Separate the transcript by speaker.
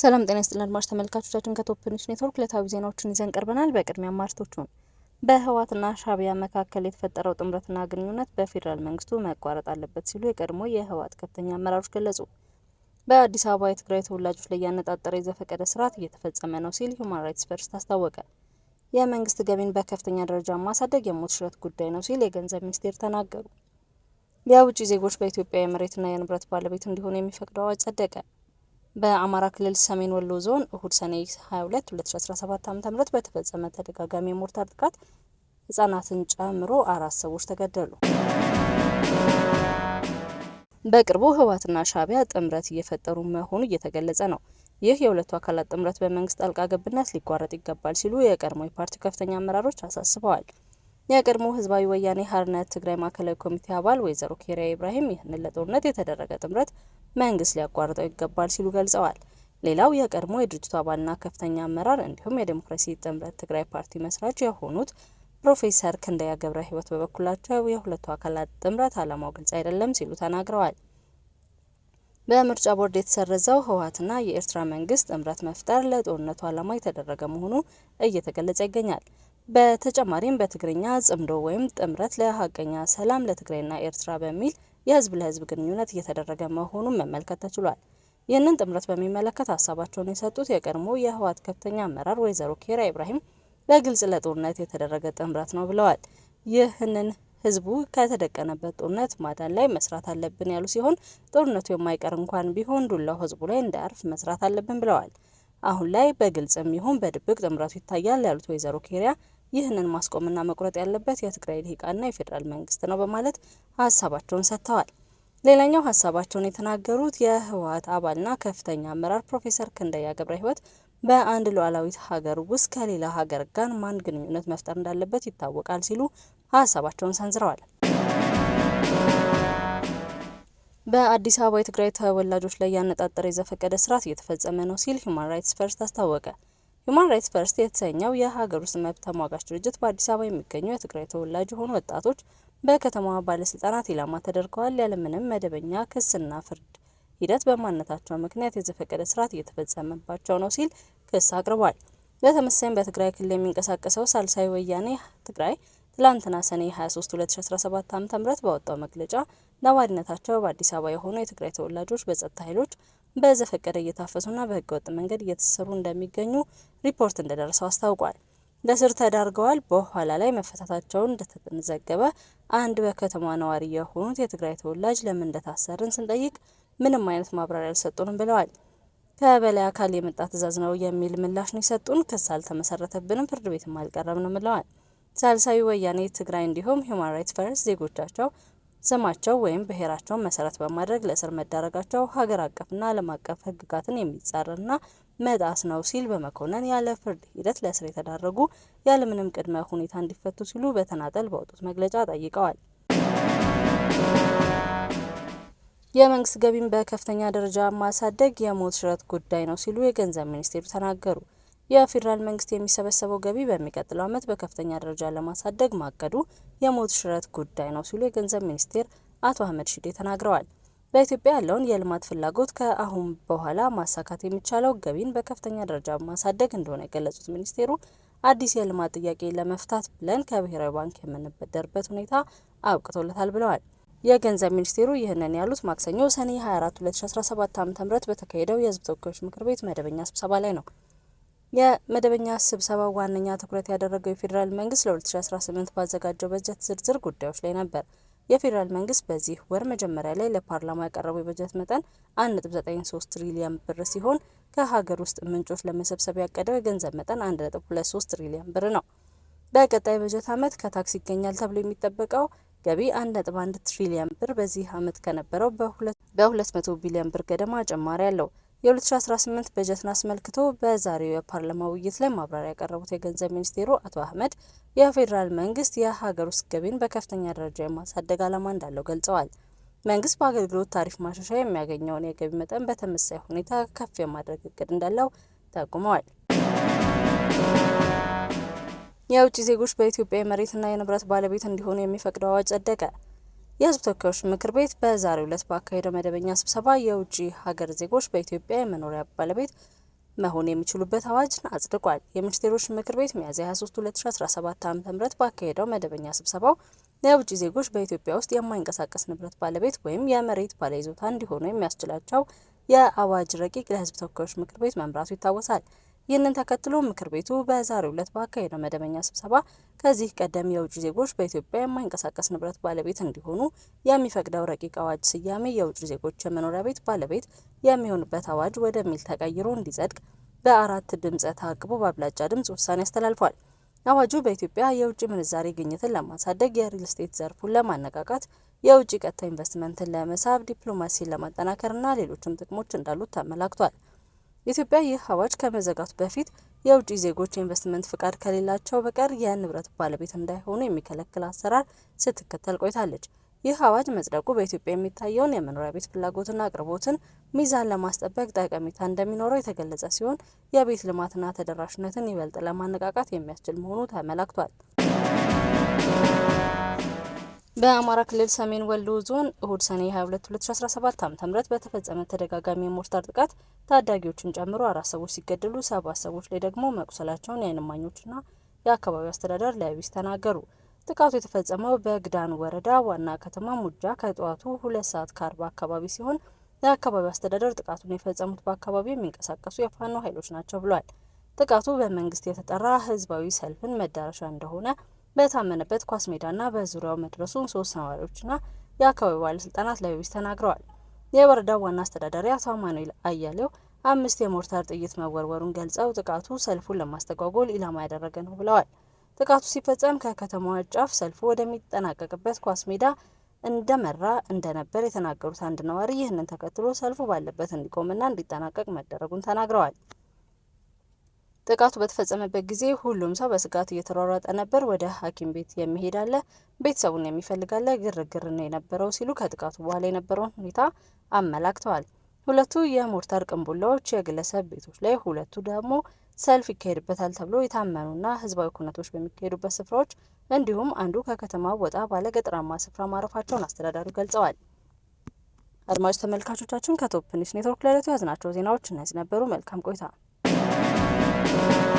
Speaker 1: ሰላም ጤና ይስጥልን አድማጭ ተመልካቾቻችን፣ ከቶፕ ኒውስ ኔትወርክ ዕለታዊ ዜናዎችን ይዘን ቀርበናል። በቅድሚያ ማርቶቹን በህወሓትና ሻዕቢያ መካከል የተፈጠረው ጥምረትና ግንኙነት በፌዴራል መንግስቱ መቋረጥ አለበት ሲሉ የቀድሞ የህወሓት ከፍተኛ አመራሮች ገለጹ። በአዲስ አበባ የትግራይ ተወላጆች ላይ ያነጣጠረ የዘፈቀደ ስርዓት እየተፈጸመ ነው ሲል ሁማን ራይትስ ፈርስት አስታወቀ። የመንግስት ገቢን በከፍተኛ ደረጃ ማሳደግ የሞት ሽረት ጉዳይ ነው ሲል የገንዘብ ሚኒስቴር ተናገሩ። የውጭ ዜጎች በኢትዮጵያ የመሬትና የንብረት ባለቤት እንዲሆኑ የሚፈቅደው አዋጅ ጸደቀ። በአማራ ክልል ሰሜን ወሎ ዞን እሁድ ሰኔ 22 2017 ዓ.ም በተፈጸመ ተደጋጋሚ የሞርታር ጥቃት ህጻናትን ጨምሮ አራት ሰዎች ተገደሉ። በቅርቡ ህወሓትና ሻዕቢያ ጥምረት እየፈጠሩ መሆኑ እየተገለጸ ነው። ይህ የሁለቱ አካላት ጥምረት በመንግስት ጣልቃ ገብነት ሊቋረጥ ይገባል ሲሉ የቀድሞ የፓርቲው ከፍተኛ አመራሮች አሳስበዋል። የቀድሞ ህዝባዊ ወያኔ ሀርነት ትግራይ ማዕከላዊ ኮሚቴ አባል ወይዘሮ ኬሪያ ኢብራሂም ይህንን ለጦርነት የተደረገ ጥምረት መንግስት ሊያቋርጠው ይገባል ሲሉ ገልጸዋል። ሌላው የቀድሞ የድርጅቱ አባልና ከፍተኛ አመራር እንዲሁም የዴሞክራሲ ጥምረት ትግራይ ፓርቲ መስራች የሆኑት ፕሮፌሰር ክንደያ ገብረ ሕይወት በበኩላቸው የሁለቱ አካላት ጥምረት ዓላማው ግልጽ አይደለም ሲሉ ተናግረዋል። በምርጫ ቦርድ የተሰረዘው ህወሓትና የኤርትራ መንግስት ጥምረት መፍጠር ለጦርነቱ ዓላማ የተደረገ መሆኑ እየተገለጸ ይገኛል። በተጨማሪም በትግርኛ ጽምዶ ወይም ጥምረት ለሀቀኛ ሰላም ለትግራይና ኤርትራ በሚል የህዝብ ለህዝብ ግንኙነት እየተደረገ መሆኑን መመልከት ተችሏል። ይህንን ጥምረት በሚመለከት ሀሳባቸውን የሰጡት የቀድሞ የህወሓት ከፍተኛ አመራር ወይዘሮ ኬራ ኢብራሂም በግልጽ ለጦርነት የተደረገ ጥምረት ነው ብለዋል። ይህንን ህዝቡ ከተደቀነበት ጦርነት ማዳን ላይ መስራት አለብን ያሉ ሲሆን ጦርነቱ የማይቀር እንኳን ቢሆን ዱላው ህዝቡ ላይ እንዳያርፍ መስራት አለብን ብለዋል። አሁን ላይ በግልጽም ይሁን በድብቅ ጥምረቱ ይታያል ያሉት ወይዘሮ ኬሪያ ይህንን ማስቆምና መቁረጥ ያለበት የትግራይ ልሂቃና የፌዴራል መንግስት ነው በማለት ሀሳባቸውን ሰጥተዋል። ሌላኛው ሀሳባቸውን የተናገሩት የህወሀት አባልና ከፍተኛ አመራር ፕሮፌሰር ክንደያ ገብረ ህይወት በአንድ ሉዓላዊት ሀገር ውስጥ ከሌላ ሀገር ጋር ማን ግንኙነት መፍጠር እንዳለበት ይታወቃል ሲሉ ሀሳባቸውን ሰንዝረዋል። በአዲስ አበባ የትግራይ ተወላጆች ላይ ያነጣጠረ የዘፈቀደ ስርዓት እየተፈጸመ ነው ሲል ሁማን ራይትስ ፈርስት አስታወቀ። ሁማን ራይትስ ፈርስት የተሰኘው የሀገር ውስጥ መብት ተሟጋች ድርጅት በአዲስ አበባ የሚገኙ የትግራይ ተወላጅ የሆኑ ወጣቶች በከተማዋ ባለስልጣናት ኢላማ ተደርገዋል። ያለምንም መደበኛ ክስና ፍርድ ሂደት በማንነታቸው ምክንያት የዘፈቀደ ስርዓት እየተፈጸመባቸው ነው ሲል ክስ አቅርቧል። በተመሳሳይም በትግራይ ክልል የሚንቀሳቀሰው ሳልሳይ ወያኔ ትግራይ ትላንትና ሰኔ 23 2017 ዓ.ም ባወጣው መግለጫ ነዋሪነታቸው በአዲስ አበባ የሆኑ የትግራይ ተወላጆች በጸጥታ ኃይሎች በዘፈቀደ እየታፈሱና በህገወጥ መንገድ እየተሰሩ እንደሚገኙ ሪፖርት እንደደረሰው አስታውቋል። ለስር ተዳርገዋል በኋላ ላይ መፈታታቸውን እንደተዘገበ አንድ በከተማ ነዋሪ የሆኑት የትግራይ ተወላጅ ለምን እንደታሰርን ስንጠይቅ ምንም አይነት ማብራሪያ አልሰጡንም ብለዋል። ከበላይ አካል የመጣ ትእዛዝ ነው የሚል ምላሽ ነው የሰጡን። ክስ አልተመሰረተብንም፣ ፍርድ ቤትም አልቀረብንም ብለዋል። ሳልሳዊ ወያኔ ትግራይ እንዲሁም ሁማን ራይትስ ፈርስ ዜጎቻቸው ስማቸው ወይም ብሔራቸውን መሰረት በማድረግ ለእስር መዳረጋቸው ሀገር አቀፍና ዓለም አቀፍ ህግጋትን የሚጻረርና መጣስ ነው ሲል በመኮነን ያለ ፍርድ ሂደት ለእስር የተዳረጉ ያለምንም ቅድመ ሁኔታ እንዲፈቱ ሲሉ በተናጠል በወጡት መግለጫ ጠይቀዋል። የመንግስት ገቢን በከፍተኛ ደረጃ ማሳደግ የሞት ሽረት ጉዳይ ነው ሲሉ የገንዘብ ሚኒስቴሩ ተናገሩ። የፌዴራል መንግስት የሚሰበሰበው ገቢ በሚቀጥለው ዓመት በከፍተኛ ደረጃ ለማሳደግ ማቀዱ የሞት ሽረት ጉዳይ ነው ሲሉ የገንዘብ ሚኒስቴር አቶ አህመድ ሽዴ ተናግረዋል። በኢትዮጵያ ያለውን የልማት ፍላጎት ከአሁን በኋላ ማሳካት የሚቻለው ገቢን በከፍተኛ ደረጃ ማሳደግ እንደሆነ የገለጹት ሚኒስቴሩ አዲስ የልማት ጥያቄ ለመፍታት ብለን ከብሔራዊ ባንክ የምንበደርበት ሁኔታ አብቅቶለታል ብለዋል። የገንዘብ ሚኒስቴሩ ይህንን ያሉት ማክሰኞ ሰኔ 24 2017 ዓ.ም በተካሄደው የህዝብ ተወካዮች ምክር ቤት መደበኛ ስብሰባ ላይ ነው። የመደበኛ ስብሰባ ዋነኛ ትኩረት ያደረገው የፌዴራል መንግስት ለ2018 ባዘጋጀው በጀት ዝርዝር ጉዳዮች ላይ ነበር። የፌዴራል መንግስት በዚህ ወር መጀመሪያ ላይ ለፓርላማ ያቀረበው የበጀት መጠን 1.93 ትሪሊየን ብር ሲሆን ከሀገር ውስጥ ምንጮች ለመሰብሰብ ያቀደው የገንዘብ መጠን 1.23 ትሪሊየን ብር ነው። በቀጣይ በጀት ዓመት ከታክስ ይገኛል ተብሎ የሚጠበቀው ገቢ 1.1 ትሪሊየን ብር በዚህ ዓመት ከነበረው በ200 ቢሊዮን ብር ገደማ ጭማሪ አለው። የ2018 በጀትን አስመልክቶ በዛሬው የፓርላማ ውይይት ላይ ማብራሪያ ያቀረቡት የገንዘብ ሚኒስቴሩ አቶ አህመድ የፌዴራል መንግስት የሀገር ውስጥ ገቢን በከፍተኛ ደረጃ የማሳደግ ዓላማ እንዳለው ገልጸዋል። መንግስት በአገልግሎት ታሪፍ ማሻሻያ የሚያገኘውን የገቢ መጠን በተመሳሳይ ሁኔታ ከፍ የማድረግ እቅድ እንዳለው ጠቁመዋል። የውጭ ዜጎች በኢትዮጵያ የመሬትና የንብረት ባለቤት እንዲሆኑ የሚፈቅደው አዋጅ ጸደቀ። የህዝብ ተወካዮች ምክር ቤት በዛሬው ዕለት ባካሄደው መደበኛ ስብሰባ የውጭ ሀገር ዜጎች በኢትዮጵያ የመኖሪያ ባለቤት መሆን የሚችሉበት አዋጅን አጽድቋል። የሚኒስቴሮች ምክር ቤት ሚያዝያ 23 2017 ዓ.ም ባካሄደው መደበኛ ስብሰባው የውጭ ዜጎች በኢትዮጵያ ውስጥ የማይንቀሳቀስ ንብረት ባለቤት ወይም የመሬት ባለይዞታ እንዲሆኑ የሚያስችላቸው የአዋጅ ረቂቅ ለህዝብ ተወካዮች ምክር ቤት መምራቱ ይታወሳል። ይህንን ተከትሎ ምክር ቤቱ በዛሬው ዕለት ባካሄደው መደበኛ ስብሰባ ከዚህ ቀደም የውጭ ዜጎች በኢትዮጵያ የማይንቀሳቀስ ንብረት ባለቤት እንዲሆኑ የሚፈቅደው ረቂቅ አዋጅ ስያሜ የውጭ ዜጎች የመኖሪያ ቤት ባለቤት የሚሆንበት አዋጅ ወደሚል ተቀይሮ እንዲጸድቅ በአራት ድምፀ ተአቅቦ በአብላጫ ድምፅ ውሳኔ አስተላልፏል። አዋጁ በኢትዮጵያ የውጭ ምንዛሬ ግኝትን ለማሳደግ፣ የሪል ስቴት ዘርፉን ለማነቃቃት፣ የውጭ ቀጥታ ኢንቨስትመንትን ለመሳብ፣ ዲፕሎማሲን ለማጠናከርና ሌሎችም ጥቅሞች እንዳሉት ተመላክቷል። ኢትዮጵያ ይህ አዋጅ ከመዘጋቱ በፊት የውጭ ዜጎች የኢንቨስትመንት ፍቃድ ከሌላቸው በቀር የንብረት ባለቤት እንዳይሆኑ የሚከለክል አሰራር ስትከተል ቆይታለች። ይህ አዋጅ መጽደቁ በኢትዮጵያ የሚታየውን የመኖሪያ ቤት ፍላጎትና አቅርቦትን ሚዛን ለማስጠበቅ ጠቀሜታ እንደሚኖረው የተገለጸ ሲሆን የቤት ልማትና ተደራሽነትን ይበልጥ ለማነቃቃት የሚያስችል መሆኑ ተመላክቷል። በአማራ ክልል ሰሜን ወሎ ዞን እሁድ ሰኔ 22 2017 ዓ.ም በተፈጸመ ተደጋጋሚ የሞርታር ጥቃት ታዳጊዎችን ጨምሮ አራት ሰዎች ሲገደሉ ሰባት ሰዎች ላይ ደግሞ መቁሰላቸውን የዓይን እማኞችና የአካባቢው አስተዳደር ለቢቢሲ ተናገሩ። ጥቃቱ የተፈጸመው በግዳን ወረዳ ዋና ከተማ ሙጃ ከጠዋቱ ሁለት ሰዓት ከአርባ አካባቢ ሲሆን የአካባቢው አስተዳደር ጥቃቱን የፈጸሙት በአካባቢው የሚንቀሳቀሱ የፋኖ ኃይሎች ናቸው ብሏል። ጥቃቱ በመንግስት የተጠራ ህዝባዊ ሰልፍን መዳረሻ እንደሆነ በታመነበት ኳስ ሜዳና በዙሪያው መድረሱን ሶስት ነዋሪዎችና የአካባቢው ባለስልጣናት ለቢቢሲ ተናግረዋል። የወረዳው ዋና አስተዳዳሪ አቶ አማኑኤል አያሌው አምስት የሞርታር ጥይት መወርወሩን ገልጸው ጥቃቱ ሰልፉን ለማስተጓጎል ኢላማ ያደረገ ነው ብለዋል። ጥቃቱ ሲፈጸም ከከተማዋ ጫፍ ሰልፉ ወደሚጠናቀቅበት ኳስ ሜዳ እንደመራ እንደነበር የተናገሩት አንድ ነዋሪ ይህንን ተከትሎ ሰልፉ ባለበት እንዲቆምና እንዲጠናቀቅ መደረጉን ተናግረዋል። ጥቃቱ በተፈጸመበት ጊዜ ሁሉም ሰው በስጋት እየተሯሯጠ ነበር። ወደ ሐኪም ቤት የሚሄድ አለ፣ ቤተሰቡን የሚፈልግ አለ፣ ግርግር ነው የነበረው ሲሉ ከጥቃቱ በኋላ የነበረውን ሁኔታ አመላክተዋል። ሁለቱ የሞርታር ቅንቡላዎች የግለሰብ ቤቶች ላይ፣ ሁለቱ ደግሞ ሰልፍ ይካሄድበታል ተብሎ የታመኑና ህዝባዊ ኩነቶች በሚካሄዱበት ስፍራዎች እንዲሁም አንዱ ከከተማ ወጣ ባለ ገጠራማ ስፍራ ማረፋቸውን አስተዳዳሪ ገልጸዋል። አድማጭ ተመልካቾቻችን ከቶፕ ኒውስ ኔትወርክ ለዕለቱ ያዝናቸው ዜናዎች እነዚህ ነበሩ። መልካም ቆይታ Thank you.